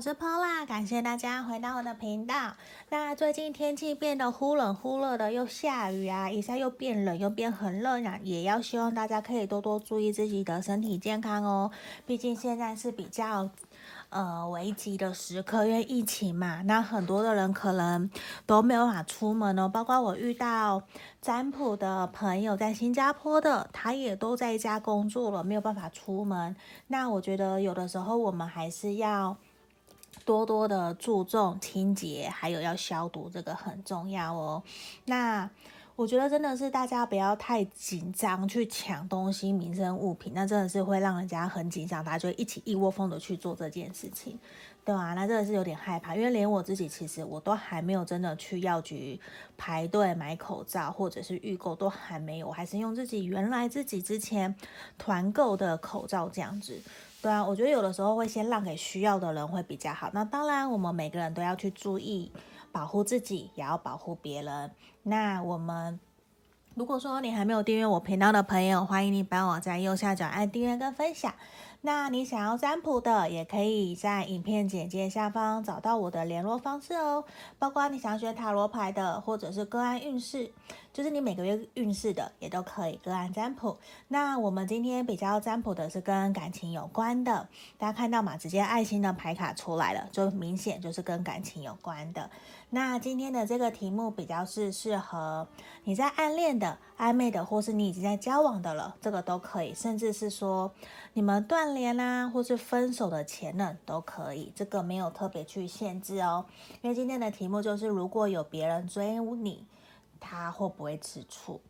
我是 Paula，感謝大家回到我的頻道。那最近天氣變得忽冷忽熱的，又下雨啊，一下又變冷，又變很熱，呀。也要希望大家可以多多注意自己的身體健康哦。畢竟現在是比較呃危急的時刻，因為疫情嘛，那很多的人可能都沒有辦法出門哦。包括我遇到占卜的朋友，在新加坡的，他也都在家工作了，沒有辦法出門。那我覺得有的時候我們還是要。多多的注重清潔，還有要消毒，這個很重要哦。那我覺得真的是大家不要太緊張去搶東西、民生物品，那真的是會讓人家很緊張，大家就一起一窩蜂的去做這件事情，對吧、啊？那真的是有點害怕，因為連我自己其實我都還沒有真的去藥局排隊買口罩，或者是預購都還沒有，我還是用自己原來自己之前團購的口罩這樣子。對啊，我覺得有的時候會先讓給需要的人會比較好。那當然，我們每個人都要去注意保護自己，也要保護別人。那我們如果說你還沒有訂閱我頻道的朋友，歡迎你幫我在右下角按訂閱跟分享。那你想要占卜的，也可以在影片簡介下方找到我的聯絡方式哦。包括你想學塔羅牌的，或者是個案運勢，就是你每個月運勢的，也都可以個案占卜。那我們今天比較占卜的是跟感情有關的，大家看到嘛，直接愛心的牌卡出來了，就明顯就是跟感情有關的。那今天的這個題目比較是適合你在暗戀的、曖昧的，或是你已經在交往的了，這個都可以。甚至是說你們斷聯啦，或是分手的前任都可以，這個沒有特別去限制哦。因為今天的題目就是，如果有別人追你，他會不會吃醋？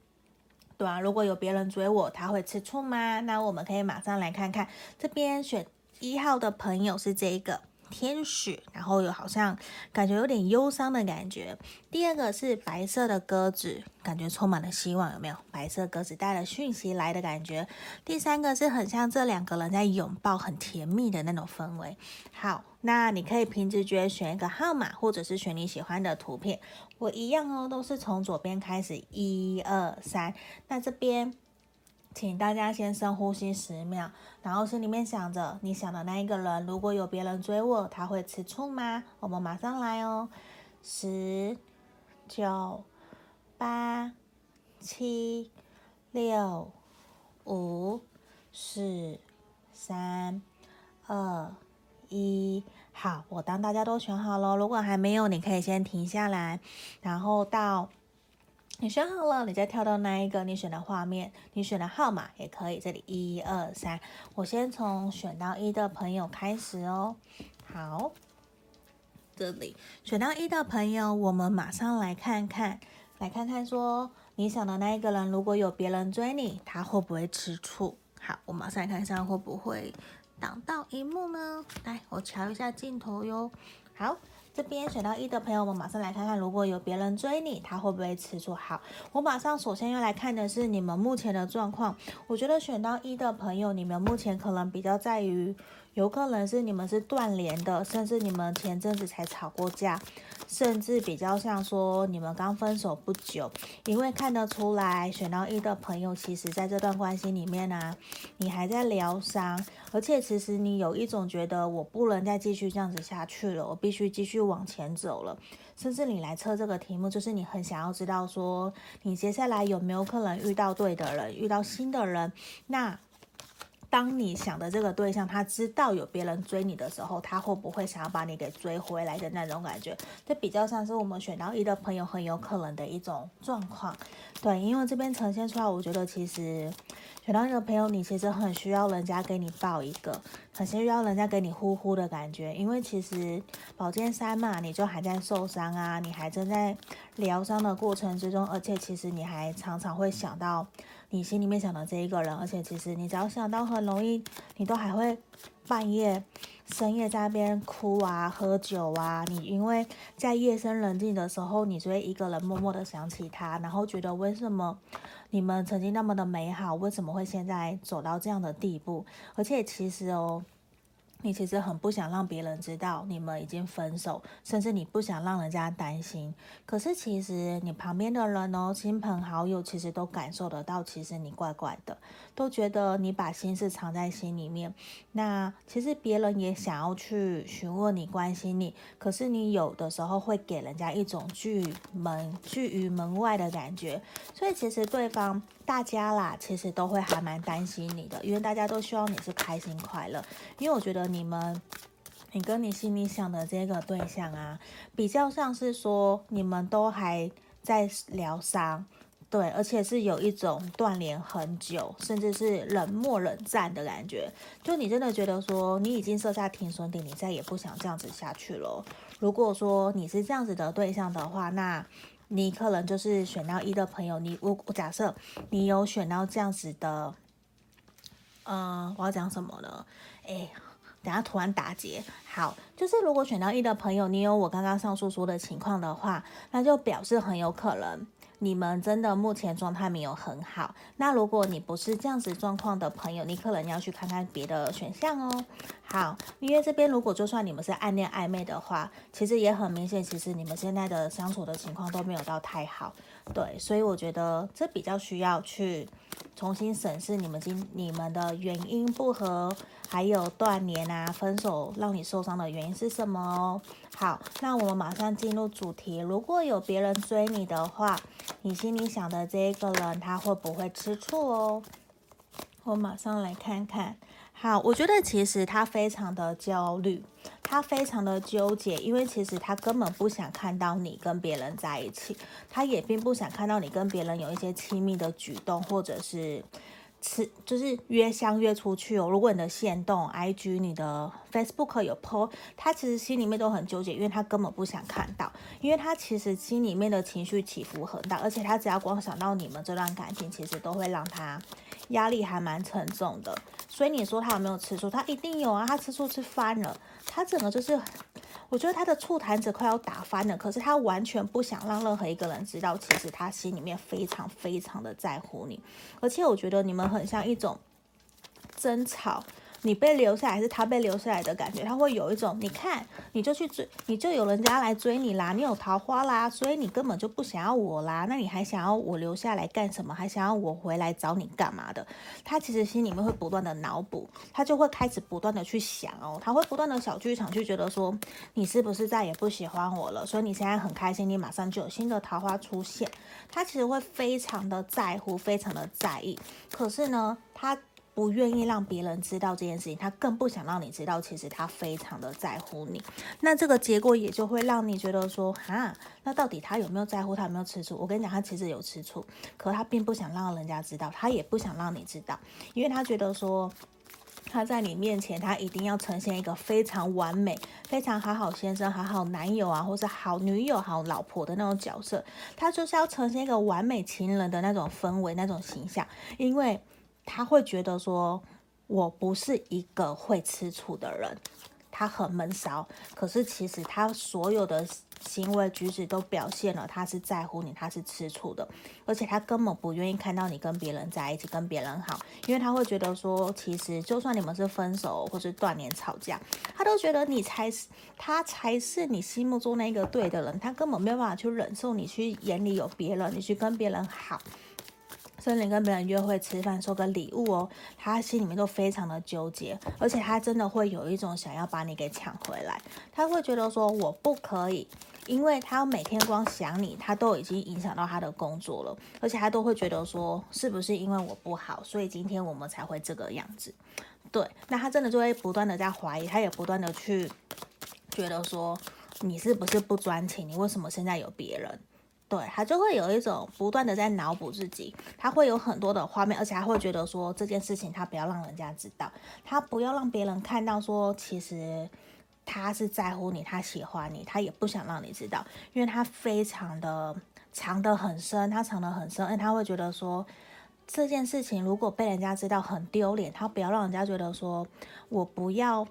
對啊，如果有別人追我，他會吃醋嗎？那我們可以馬上來看看，這邊選一號的朋友是這一個。天使，然後又好像感覺有點憂傷的感覺。第二個是白色的鴿子，感覺充滿了希望，有沒有？白色鴿子帶了訊息來的感覺。第三個是很像這兩個人在擁抱，很甜蜜的那種氛圍。好，那你可以憑直覺選一個號碼，或者是選你喜歡的圖片。我一樣哦，都是從左邊開始，一二三。那這邊。請大家先深呼吸十秒，然後心裡面想着你想的那一個人。如果有別人追我，他會吃醋嗎？我們馬上來哦，十、九、八、七、六、五、四、三、二、一。好，我當大家都選好咯。如果還沒有，你可以先停下來，然後到。你選好了，你再跳到那一個你選的畫面，你選的號碼也可以。這裡一、二、三，我先從選到一的朋友開始哦。好，這裡選到一的朋友，我們馬上來看看，來看看說你想的那一個人，如果有別人追你，他會不會吃醋？好，我馬上來看一下會不會擋到螢幕呢。來，我瞧一下鏡頭喲。好。這邊選到一的朋友我們，馬上來看看，如果有別人追你，他會不會吃醋？好，我馬上首先要來看的是你們目前的狀況。我覺得選到一的朋友，你們目前可能比較在於。有可能是你們是斷聯的，甚至你們前陣子才吵過架，甚至比較像說你們剛分手不久，因為看得出來，選到一的朋友，其實在這段關係裡面呢、啊，你還在療傷，而且其實你有一種覺得我不能再繼續這樣子下去了，我必須繼續往前走了。甚至你來測這個題目，就是你很想要知道說你接下來有沒有可能遇到對的人，遇到新的人，那。當你想的這個對象，他知道有別人追你的時候，他會不會想要把你給追回來的那種感覺？這比較像是我們選到一的朋友很有可能的一種狀況。對，因為這邊呈現出來，我覺得其實選到一個朋友，你其實很需要人家給你抱一個，很需要人家給你呼呼的感覺。因為其實寶劍三嘛，你就還在受傷啊，你還正在療傷的過程之中，而且其實你還常常會想到。你心裡面想的這一個人，而且其實你只要想到，很容易你都還會半夜、深夜在那邊哭啊、喝酒啊。你因為在夜深人靜的時候，你就會一個人默默的想起他，然後覺得為什麼你們曾經那麼的美好，為什麼會現在走到這樣的地步？而且其實哦。你其實很不想讓別人知道你們已經分手，甚至你不想讓人家擔心。可是其實你旁邊的人哦，親朋好友其實都感受得到，其實你怪怪的。都覺得你把心事藏在心裡面，那其實別人也想要去詢問你、關心你，可是你有的時候會給人家一種拒門拒於門外的感覺，所以其實對方大家啦，其實都會還蠻擔心你的，因為大家都希望你是開心快樂。因為我覺得你們，你跟你心裡想的這個對象啊，比較像是說你們都還在療傷。對，而且是有一種斷聯很久，甚至是冷漠冷戰的感覺。就你真的覺得說你已經設下停損點，你再也不想這樣子下去了。如果說你是這樣子的對象的話，那你可能就是選到一的朋友。你我假設你有選到這樣子的，嗯、呃，我要講什麼呢？哎，等下突然打結。好，就是如果選到一的朋友，你有我剛剛上述說的情況的話，那就表示很有可能。你們真的目前狀態沒有很好。那如果你不是這樣子狀況的朋友，你可能要去看看別的選項哦。好，因為這邊如果就算你們是暗戀曖昧的話，其實也很明顯，其實你們現在的相處的情況都沒有到太好。對，所以我覺得這比較需要去重新審視你們今你們的原因不合，還有斷聯啊、分手讓你受傷的原因是什麼哦？好，那我們馬上進入主題。如果有別人追你的話，你心裡想的這一個人他會不會吃醋哦？我馬上來看看。好，我覺得其實他非常的焦慮，他非常的糾結，因為其實他根本不想看到你跟別人在一起，他也並不想看到你跟別人有一些親密的舉動，或者是吃，就是約相約出去哦。如果你的限動、IG、你的 Facebook 有 PO，他其實心裡面都很糾結，因為他根本不想看到，因為他其實心裡面的情緒起伏很大，而且他只要光想到你們這段感情，其實都會讓他壓力還蠻沉重的。所以你說他有沒有吃醋？他一定有啊！他吃醋吃翻了，他整個就是，我覺得他的醋罈子快要打翻了。可是他完全不想讓任何一個人知道，其實他心裡面非常非常的在乎你。而且我覺得你們很像一種爭吵。你被留下來還是他被留下來的感覺，他會有一種，你看你就去追，你就有人家來追你啦，你有桃花啦，所以你根本就不想要我啦，那你還想要我留下來幹什麼？還想要我回來找你幹嘛的？他其實心裡面會不斷的腦補，他就會開始不斷的去想哦，他會不斷的小劇場去覺得說，你是不是再也不喜歡我了？所以你現在很開心，你馬上就有新的桃花出現，他其實會非常的在乎，非常的在意，可是呢，他。不願意讓別人知道這件事情，他更不想讓你知道。其實他非常的在乎你，那這個結果也就會讓你覺得說，哈，那到底他有沒有在乎？他有沒有吃醋？我跟你講，他其實有吃醋，可他並不想讓人家知道，他也不想讓你知道，因為他覺得說，他在你面前，他一定要呈現一個非常完美、非常好好先生、好好男友啊，或是好女友、好老婆的那種角色。他就是要呈現一個完美情人的那種氛圍、那種形象，因為。他會覺得說，我不是一個會吃醋的人，他很悶騷。可是其實他所有的行為舉止都表現了他是在乎你，他是吃醋的，而且他根本不願意看到你跟別人在一起，跟別人好，因為他會覺得說，其實就算你們是分手或是斷聯吵架，他都覺得你才是他才是你心目中那個對的人，他根本沒有辦法去忍受你去眼裡有別人，你去跟別人好。森林跟別人約會吃、吃飯、收個禮物哦，他心裡面都非常的糾結，而且他真的會有一種想要把你給搶回來。他會覺得說，我不可以，因為他每天光想你，他都已經影響到他的工作了，而且他都會覺得說，是不是因為我不好，所以今天我們才會這個樣子。對，那他真的就會不斷的在懷疑，他也不斷的去覺得說，你是不是不專情，你為什麼現在有別人？對，他就會有一種不斷的在腦補自己，他會有很多的畫面，而且他會覺得說這件事情他不要讓人家知道，他不要讓別人看到說其實他是在乎你，他喜歡你，他也不想讓你知道，因為他非常的藏得很深，他藏得很深，他會覺得說這件事情如果被人家知道很丟臉，他不要讓人家覺得說我不要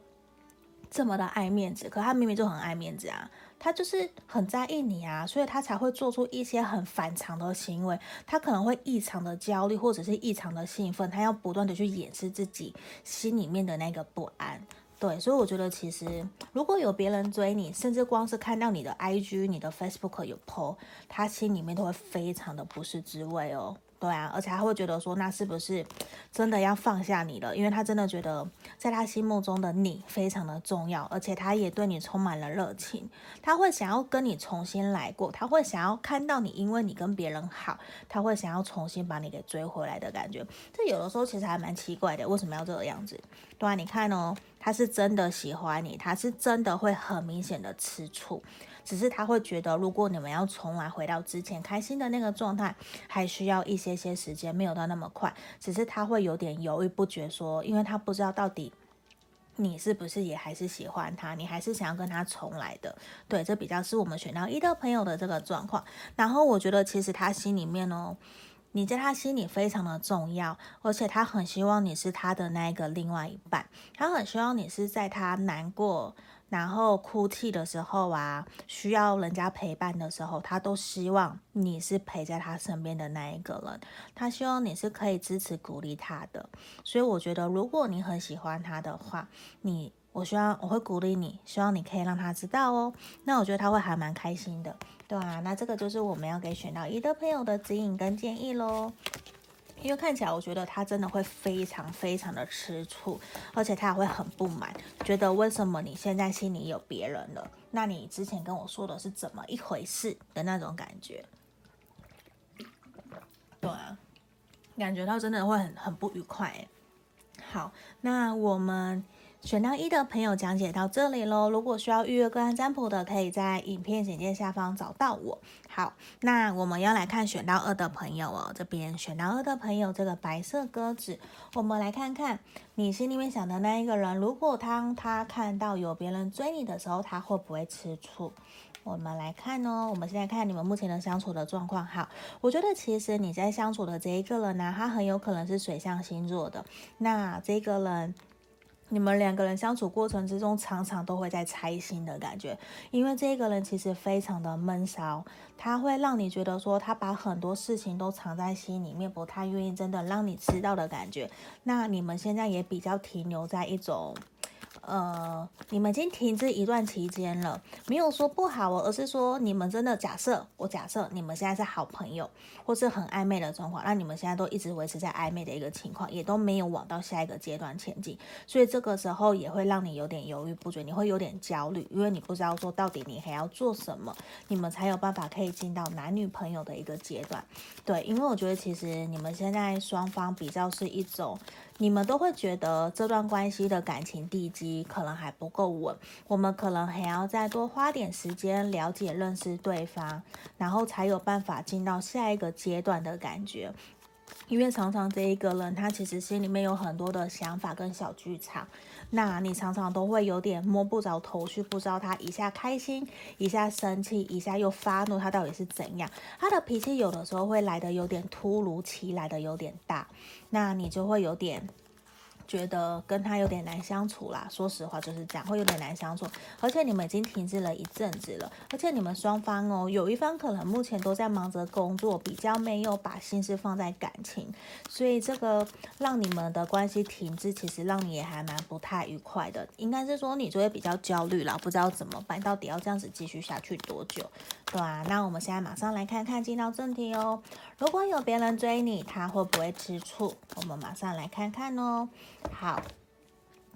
這麼的愛面子，可他明明就很愛面子啊。他就是很在意你啊，所以他才會做出一些很反常的行為。他可能會異常的焦慮，或者是異常的興奮，他要不斷的去掩飾自己心裡面的那個不安。對，所以我覺得其實如果有別人追你，甚至光是看到你的 IG、你的 Facebook 有 po，他心裡面都會非常的不是滋味哦。對啊，而且他會覺得說，那是不是真的要放下你了？因為他真的覺得，在他心目中的你非常的重要，而且他也對你充滿了熱情。他會想要跟你重新來過，他會想要看到你，因為你跟別人好，他會想要重新把你給追回來的感覺。這有的時候其實還蠻奇怪的，為什麼要這個樣子？對啊，你看哦，他是真的喜歡你，他是真的會很明顯的吃醋。只是他會覺得，如果你們要重來，回到之前開心的那個狀態，還需要一些些時間，沒有到那麼快。只是他會有點猶豫不決，說，因為他不知道到底你是不是也還是喜歡他，你還是想要跟他重來的。對，這比較是我們選到一的朋友的這個狀況。然後我覺得，其實他心裡面哦。你在他心裡非常的重要，而且他很希望你是他的那一個另外一半，他很希望你是在他難過，然後哭泣的時候啊，需要人家陪伴的時候，他都希望你是陪在他身邊的那一個人，他希望你是可以支持鼓勵他的，所以我覺得如果你很喜歡他的話，你。我希望我會鼓勵你，希望你可以讓他知道哦。那我覺得他會還蠻開心的，對啊。那這個就是我們要給選到一的朋友的指引跟建議嘍。因為看起來我覺得他真的會非常非常的吃醋，而且他也會很不滿，覺得為什麼你現在心裡有別人了？那你之前跟我說的是怎麼一回事的那種感覺？對啊，感覺到真的會很很不愉快欸。好，那我們，選到一的朋友講解到這裡嘍，如果需要預約個案占卜的，可以在影片簡介下方找到我。好，那我們要來看選到二的朋友哦，這邊選到二的朋友，這個白色鴿子，我們來看看你心裡面想的那一個人，如果當他，他看到有別人追你的時候，他會不會吃醋？我們來看哦，我們現在看你們目前的相處的狀況。好，我覺得其實你在相處的這一個人呢，他很有可能是水象星座的，那這個人。你們兩個人相處過程之中，常常都會在猜心的感覺，因為這個人其實非常的悶騷，他會讓你覺得說他把很多事情都藏在心裡面，不太願意真的讓你知道的感覺。那你們現在也比較停留在一種。呃，你們已經停滯一段期間了，沒有說不好哦，而是說你們真的假設我假設你們現在是好朋友，或是很曖昧的狀況，那你們現在都一直維持在曖昧的一個情況，也都沒有往到下一個階段前進，所以這個時候也會讓你有點猶豫不決，你會有點焦慮，因為你不知道說到底你還要做什麼，你們才有辦法可以進到男女朋友的一個階段。對，因為我覺得其實你們現在雙方比較是一種。你們都會覺得這段關係的感情地基可能還不夠穩，我們可能還要再多花點時間了解認識對方，然後才有辦法進到下一個階段的感覺。因為常常這一個人他其實心裡面有很多的想法跟小劇場。那你常常都會有點摸不着頭緒，不知道他一下開心，一下生氣，一下又發怒，他到底是怎樣？他的脾氣有的時候會來的有點突如其來的，有點大，那你就會有點。覺得跟他有點難相處啦，說實話就是這樣，會有點難相處。而且你們已經停滯了一陣子了，而且你們雙方哦，有一方可能目前都在忙着工作，比較沒有把心思放在感情，所以這個讓你們的關係停滯，其實讓你也還蠻不太愉快的。應該是說你就會比較焦慮啦，不知道怎麼辦，到底要這樣子繼續下去多久。對啊，那我們現在馬上來看看，進到正題哦。如果有別人追你，他會不會吃醋？我們馬上來看看哦。好。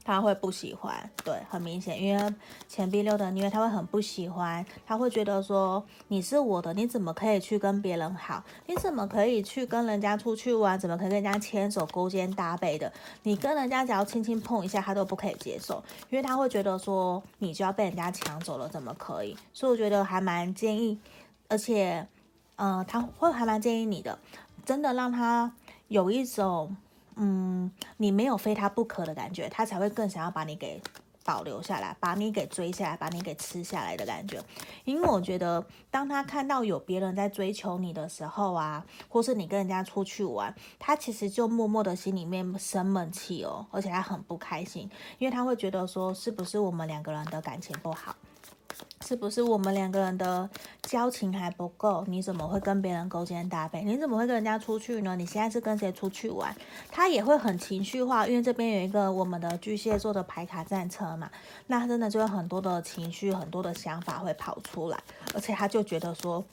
他會不喜歡，對，很明顯，因為錢幣六的。因為他會很不喜歡，他會覺得說你是我的，你怎麼可以去跟別人好？你怎麼可以去跟人家出去玩？怎麼可以跟人家牽手、勾肩搭背的？你跟人家只要輕輕碰一下，他都不可以接受，因為他會覺得說你就要被人家搶走了，怎麼可以？所以我覺得還蠻建議，而且，嗯、呃，他會還蠻建議你的，真的讓他有一種。嗯，你沒有非他不可的感覺，他才會更想要把你給保留下來，把你給追下來，把你給吃下來的感覺。因為我覺得，當他看到有別人在追求你的時候啊，或是你跟人家出去玩，他其實就默默的心裡面生悶氣哦，而且他很不開心，因為他會覺得說，是不是我們兩個人的感情不好？是不是我們兩個人的交情還不夠？你怎麼會跟別人勾肩搭背？你怎麼會跟人家出去呢？你現在是跟誰出去玩？他也會很情緒化，因為這邊有一個我們的巨蟹座的牌卡戰車嘛，那真的就有很多的情緒、很多的想法會跑出來，而且他就覺得說。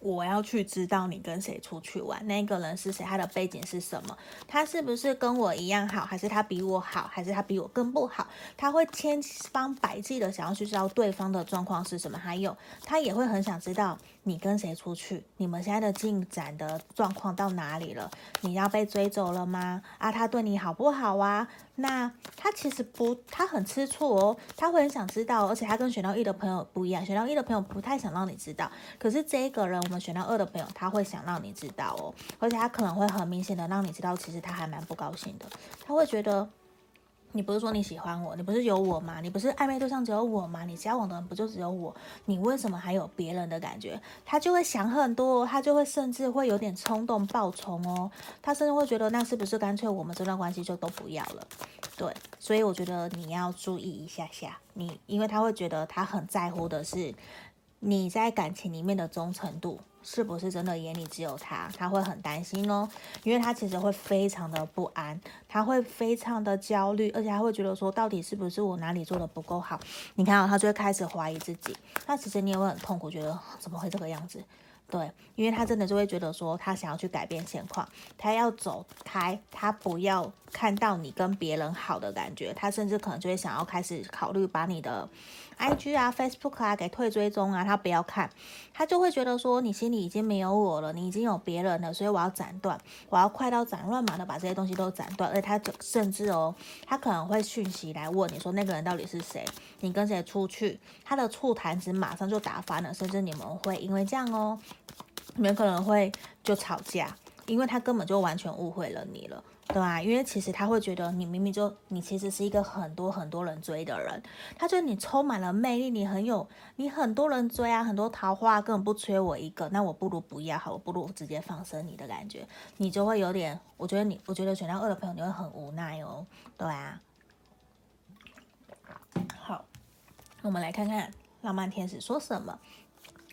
我要去知道你跟誰出去玩，那個人是誰，他的背景是什麼，他是不是跟我一樣好，還是他比我好，還是他比我更不好？他會千方百計的想要去知道對方的狀況是什麼，還有他也會很想知道。你跟誰出去？你們現在的進展的狀況到哪裡了？你要被追走了嗎？啊，他對你好不好啊？那他其實不，他很吃醋哦，他會很想知道，而且他跟選到一的朋友不一樣，選到一的朋友不太想讓你知道，可是這一個人，我們選到二的朋友，他會想讓你知道哦，而且他可能會很明顯的讓你知道，其實他還蠻不高興的，他會覺得。你不是說你喜歡我，你不是有我嗎？你不是曖昧對象只有我嗎？你交往的人不就只有我？你為什麼還有別人的感覺？他就會想很多，他就會甚至會有點衝動暴衝哦，他甚至會覺得那是不是乾脆我們這段關係就都不要了？對，所以我覺得你要注意一下下，你因為他會覺得他很在乎的是你在感情裡面的忠誠度是不是真的眼裡只有他，他會很擔心哦，因為他其實會非常的不安。他會非常的焦慮，而且他會覺得說，到底是不是我哪裡做的不夠好？你看啊、哦，他就會開始懷疑自己。那其實你也會很痛苦，覺得怎麼會這個樣子？對，因為他真的就會覺得說，他想要去改變現況，他要走開，他不要看到你跟別人好的感覺，他甚至可能就會想要開始考慮把你的 IG 啊、Facebook 啊給退追蹤啊，他不要看，他就會覺得說，你心裡已經沒有我了，你已經有別人了，所以我要斬斷，我要快刀斬亂麻的把這些東西都斬斷。他甚至哦，他可能會訊息來問你說，那個人到底是誰，你跟誰出去？他的醋壇子馬上就打翻了，甚至你們會因為這樣哦，你們可能會就吵架，因為他根本就完全誤會了你了。對啊，因為其實他會覺得你明明就你其實是一個很多很多人追的人，他覺得你充滿了魅力，你很有你很多人追啊，很多桃花啊，根本不缺我一個，那我不如不要好，我不如直接放生你的感覺，你就會有點，我覺得你我覺得選到二的朋友你會很無奈哦，對啊。好，我們來看看浪漫天使說什麼。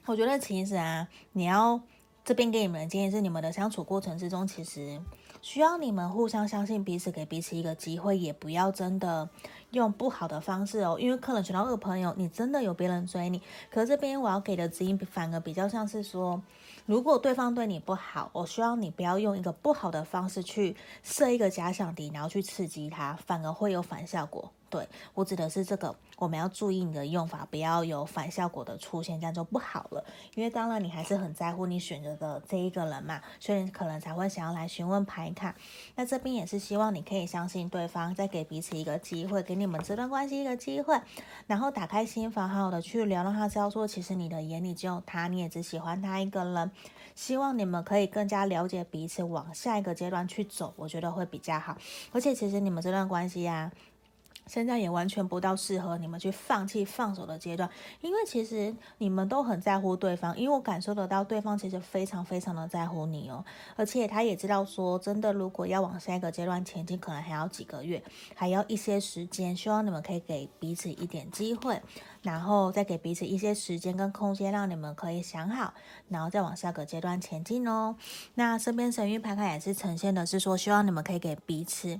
我覺得其實啊，你要這邊給你們的建議是，你們的相處過程之中，其實。需要你們互相相信彼此，給彼此一個機會，也不要真的用不好的方式哦。因為可能全都是朋友，你真的有別人追你。可是這邊我要給的指引，反而比較像是說，如果對方對你不好，我希望你不要用一個不好的方式去設一個假想敵，然後去刺激他，反而會有反效果。對，我指的是這個，我們要注意你的用法，不要有反效果的出現，這樣就不好了。因為當然你還是很在乎你選擇的這一個人嘛，所以可能才會想要來詢問牌卡。那這邊也是希望你可以相信對方，再給彼此一個機會，給你們這段關係一個機會，然後打開心房，好好的去聊，讓他知道說其實你的眼裡只有他，你也只喜歡他一個人。希望你們可以更加了解彼此，往下一個階段去走，我覺得會比較好。而且其實你們這段關係呀、啊。現在也完全不到適合你們去放棄放手的階段，因為其實你們都很在乎對方，因為我感受得到對方其實非常非常的在乎你哦，而且他也知道說真的，如果要往下一個階段前進，可能還要幾個月，還要一些時間。希望你們可以給彼此一點機會，然後再給彼此一些時間跟空間，讓你們可以想好，然後再往下個階段前進哦。那身邊神諭牌卡也是呈現的是說，希望你們可以給彼此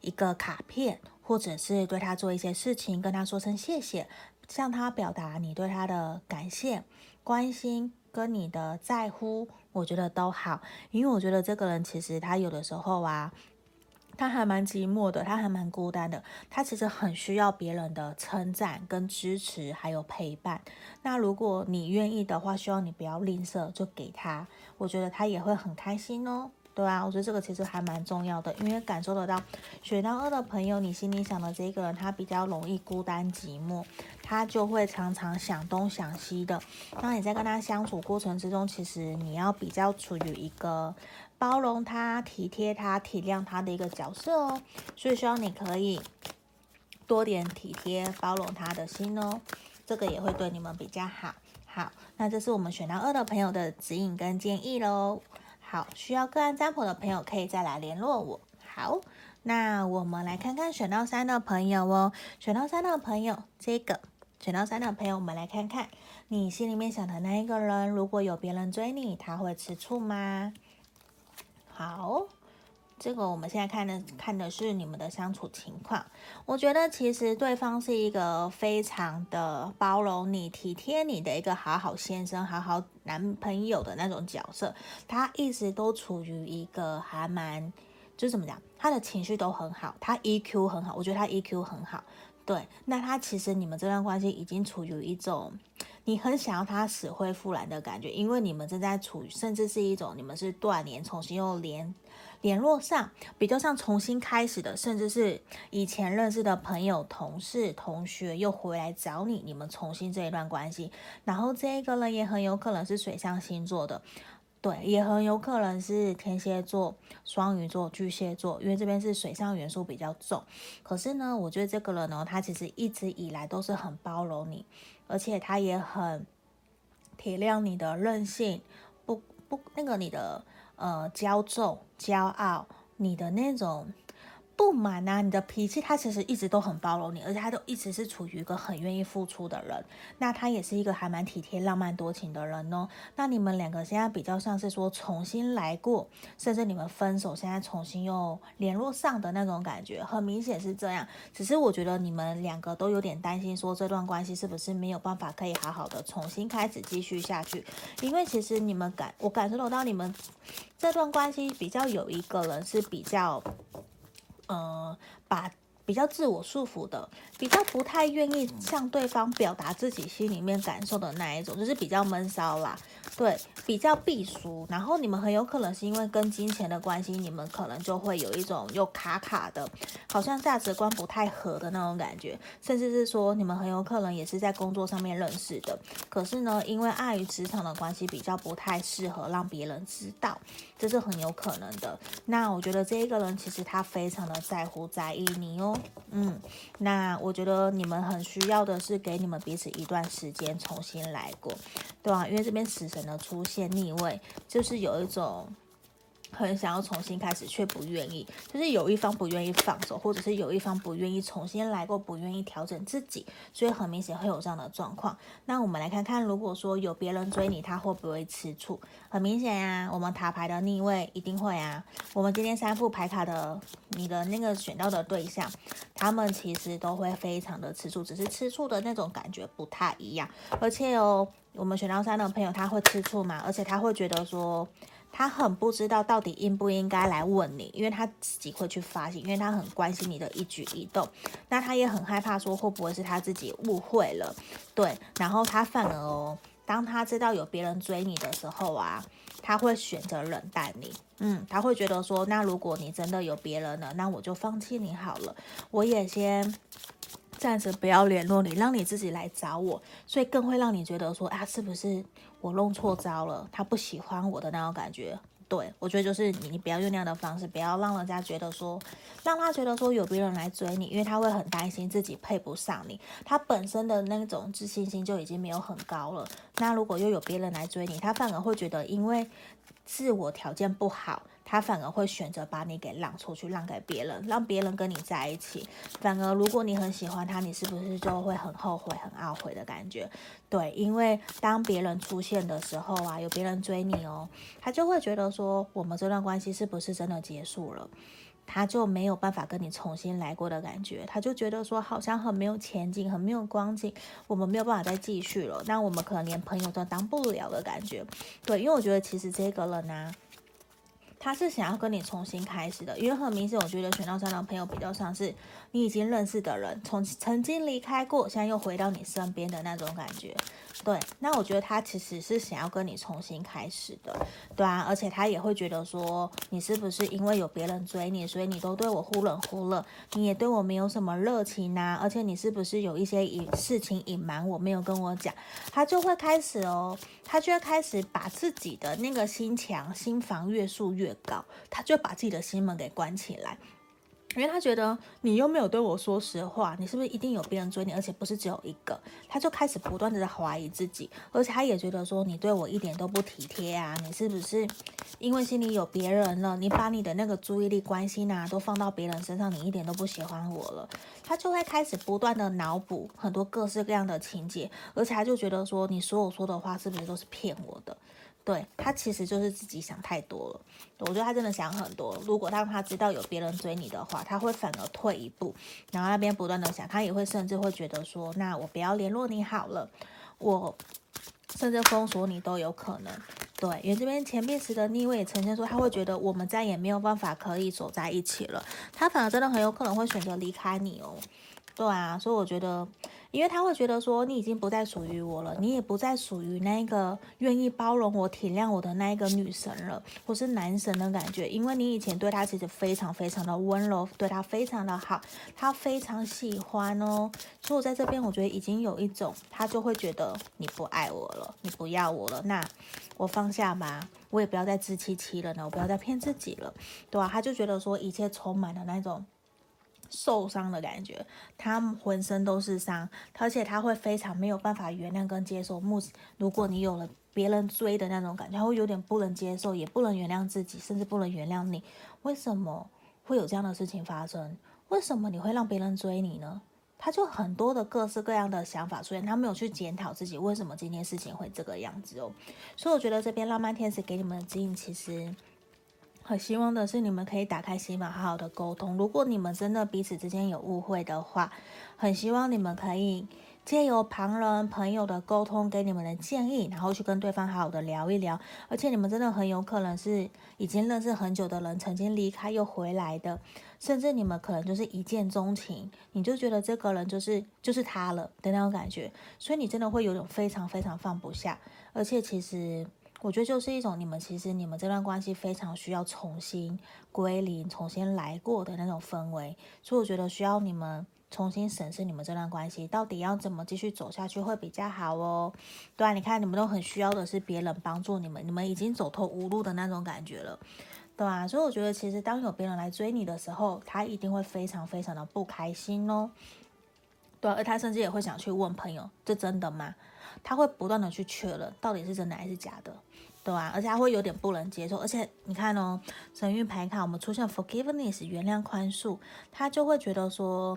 一個卡片。或者是對他做一些事情，跟他說聲謝謝，向他表達你對他的感謝、關心跟你的在乎，我覺得都好。因為我覺得這個人其實他有的時候啊，他還蠻寂寞的，他還蠻孤單的，他其實很需要別人的稱讚跟支持，還有陪伴。那如果你願意的話，希望你不要吝嗇，就給他。我覺得他也會很開心哦。對啊，我覺得這個其實還蠻重要的，因為感受得到選到二的朋友，你心裡想的這個人，他比較容易孤單寂寞，他就會常常想東想西的。當你在跟他相處過程之中，其實你要比較處於一個包容他、體貼他、體諒他的一個角色哦。所以希望你可以多點體貼、包容他的心哦，這個也會對你們比較好。好，那這是我們選到二的朋友的指引跟建議嘍。好，需要個案占卜的朋友可以再來聯絡我。好，那我們來看看選到三的朋友哦，選到三的朋友，這個選到三的朋友，我們來看看你心裡面想的那一個人，如果有別人追你，他會吃醋嗎？好。這個我們現在看的看的是你們的相處情況。我覺得其實對方是一個非常的包容你、體貼你的一個好好先生、好好男朋友的那種角色。他一直都處於一個還蠻，就是怎麼講，他的情緒都很好，他 EQ 很好。我覺得他 EQ 很好。對，那他其實你們這段關係已經處於一種你很想要他死灰復燃的感覺，因為你們正在處於甚至是一種你們是斷聯，重新又聯聯絡上比較像重新開始的，甚至是以前認識的朋友、同事、同學又回來找你，你們重新這一段關係。然後這一個人也很有可能是水象星座的，對，也很有可能是天蠍座、雙魚座、巨蟹座，因為這邊是水象元素比較重。可是呢，我覺得這個人呢，他其實一直以來都是很包容你，而且他也很體諒你的任性，不不，那個你的。呃，驕縱、驕傲，你的那種。不滿啊你的脾氣，他其實一直都很包容你，而且他都一直是處於一個很願意付出的人。那他也是一個還蠻體貼、浪漫、多情的人哦。那你們兩個現在比較像是說重新來過，甚至你們分手現在重新又聯絡上的那種感覺，很明顯是這樣。只是我覺得你們兩個都有點擔心，說這段關係是不是沒有辦法可以好好的重新開始繼續下去？因為其實你們感我感受到到你們這段關係比較有一個人是比較。呃、嗯，把比較自我束縛的，比較不太願意向對方表達自己心裡面感受的那一種，就是比較悶騷啦。對，比較避俗。然後你們很有可能是因為跟金錢的關係，你們可能就會有一種又卡卡的，好像價值觀不太合的那種感覺，甚至是說你們很有可能也是在工作上面認識的，可是呢，因為礙於職場的關係，比較不太適合讓別人知道，這是很有可能的。那我覺得這一個人其實他非常的在乎在意你哦、喔，嗯，那我覺得你們很需要的是給你們彼此一段時間重新來過，對吧、啊？因為這邊死神。能出現逆位，就是有一種，很想要重新開始，卻不願意，就是有一方不願意放手，或者是有一方不願意重新來過，不願意調整自己，所以很明顯會有這樣的狀況。那我們來看看，如果說有別人追你，他會不會吃醋？很明顯呀，我們塔牌的逆位一定會啊。我們今天三副牌卡的，你的那個選到的對象，他們其實都會非常的吃醋，只是吃醋的那種感覺不太一樣。而且哦，我們選到三的朋友，他會吃醋嘛？而且他會覺得說。他很不知道到底應不應該來問你，因為他自己會去發現，因為他很關心你的一舉一動，那他也很害怕說會不會是他自己誤會了，對，然後他反而當他知道有別人追你的時候啊，他會選擇冷淡你，嗯，他會覺得說，那如果你真的有別人了，那我就放棄你好了，我也先。暫時不要聯絡你，讓你自己來找我，所以更會讓你覺得說啊，是不是我弄錯招了？他不喜歡我的那種感覺。對，我覺得就是你，你不要用那樣的方式，不要讓人家覺得說，讓他覺得說有別人來追你，因為他會很擔心自己配不上你，他本身的那種自信心就已經沒有很高了。那如果又有別人來追你，他反而會覺得因為自我條件不好。他反而會選擇把你給讓出去，讓給別人，讓別人跟你在一起。反而如果你很喜歡他，你是不是就會很後悔、很懊悔的感覺？對，因為當別人出現的時候啊，有別人追你哦，他就會覺得說，我們這段關係是不是真的結束了？他就沒有辦法跟你重新來過的感覺，他就覺得說，好像很沒有前景、很沒有光景，我們沒有辦法再繼續了。那我們可能連朋友都當不了的感覺。對，因為我覺得其實這個人呢、啊。他是想要跟你重新開始的，因為很明顯，我覺得選到三的朋友比較像是你已經認識的人，從曾經離開過，現在又回到你身邊的那種感覺。對，那我覺得他其實是想要跟你重新開始的，對啊，而且他也會覺得說，你是不是因為有別人追你，所以你都對我忽冷忽熱，你也對我沒有什麼熱情啊？而且你是不是有一些隱事情隱瞞我沒有跟我講？他就會開始哦，他就會開始把自己的那個心牆、心防越築越高，他就把自己的心門給關起來。因為他覺得你又沒有對我說實話，你是不是一定有別人追你，而且不是只有一個？他就開始不斷的在懷疑自己，而且他也覺得說你對我一點都不體貼啊，你是不是因為心裡有別人了，你把你的那個注意力、關心啊，都放到別人身上，你一點都不喜歡我了？他就會開始不斷的腦補很多各式各樣的情節，而且他就覺得說你所有說的話是不是都是騙我的？對，他其實就是自己想太多了，我覺得他真的想很多。如果他讓他知道有別人追你的話，他會反而退一步，然後那邊不斷的想，他也會甚至會覺得說，那我不要聯絡你好了，我甚至封鎖你都有可能。對，因為這邊錢幣十的逆位也呈現說，他會覺得我們再也沒有辦法可以走在一起了，他反而真的很有可能會選擇離開你哦。對啊，所以我覺得。因為他會覺得說，你已經不再屬於我了，你也不再屬於那個願意包容我、體諒我的那一個女神了，或是男神的感覺。因為你以前對他其實非常非常的溫柔，對他非常的好，他非常喜歡哦。所以我在這邊，我覺得已經有一種他就會覺得你不愛我了，你不要我了，那我放下吧，我也不要再自欺欺人了，我不要再騙自己了，對吧？他就覺得說一切充滿了那種。受傷的感覺，他渾身都是傷，而且他會非常沒有辦法原諒跟接受。目如果你有了別人追的那種感覺，他會有點不能接受，也不能原諒自己，甚至不能原諒你，為什麼會有這樣的事情發生？為什麼你會讓別人追你呢？他就很多的各式各樣的想法出現，他沒有去檢討自己為什麼今天事情會這個樣子哦。所以我覺得這邊浪漫天使給你們的指引其實。很希望的是，你們可以打開心門，好好的溝通。如果你們真的彼此之間有誤會的話，很希望你們可以借由旁人、朋友的溝通給你們的建議，然後去跟對方好好的聊一聊。而且你們真的很有可能是已經認識很久的人，曾經離開又回來的，甚至你們可能就是一見鍾情，你就覺得這個人就是就是他了的那種感覺。所以你真的會有種非常非常放不下，而且其實。我覺得就是一種你們其實你們這段關係非常需要重新歸零、重新來過的那種氛圍，所以我覺得需要你們重新審視你們這段關係到底要怎麼繼續走下去會比較好哦。對啊，你看你們都很需要的是別人幫助你們，你們已經走投無路的那種感覺了，對啊，所以我覺得其實當有別人來追你的時候，他一定會非常非常的不開心哦。對啊，而他甚至也會想去問朋友：“這真的嗎？”他會不斷的去確認到底是真的還是假的，對吧、啊？而且他會有點不能接受。而且你看哦，神諭牌卡我們出現 forgiveness 原諒寬恕，他就會覺得說，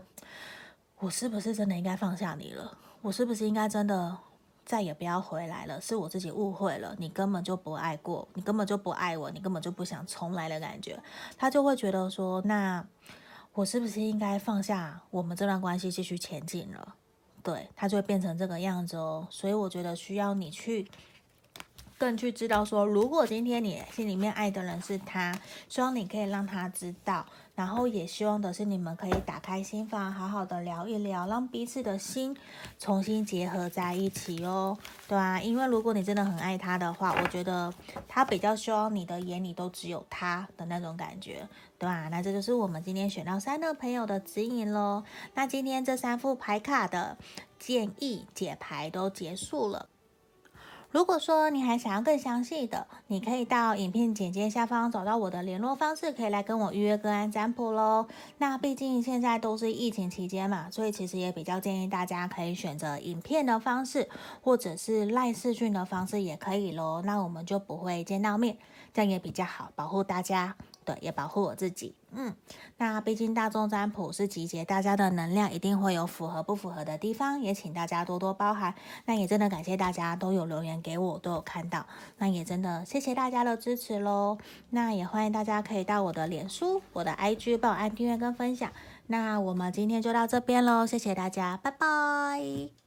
我是不是真的應該放下你了？我是不是應該真的再也不要回來了？是我自己誤會了，你根本就不愛過，你根本就不愛我，你根本就不想重來的感覺。他就會覺得說，那我是不是應該放下我們這段關係，繼續前進了？對，他就會變成這個樣子哦，所以我覺得需要你去更去知道說，如果今天你心裡面愛的人是他，希望你可以讓他知道。然後也希望的是你們可以打開心房，好好的聊一聊，讓彼此的心重新結合在一起哦，對啊，因為如果你真的很愛他的話，我覺得他比較希望你的眼裡都只有他的那種感覺，對啊，那這就是我們今天選到三的朋友的指引嘍。那今天這三副牌卡的建議解牌都結束了。如果說你還想要更詳細的，你可以到影片簡介下方找到我的聯絡方式，可以來跟我預約個案占卜嘍。那畢竟現在都是疫情期間嘛，所以其實也比較建議大家可以選擇影片的方式，或者是 LINE 視訊的方式也可以咯，那我們就不會見到面，這樣也比較好保護大家。對，也保護我自己。嗯，那畢竟大眾占卜是集結大家的能量，一定會有符合不符合的地方，也請大家多多包涵。那也真的感謝大家都有留言給我，都有看到，那也真的謝謝大家的支持嘍。那也歡迎大家可以到我的臉書、我的 IG 幫我按訂閱跟分享。那我們今天就到這邊嘍，謝謝大家，拜拜。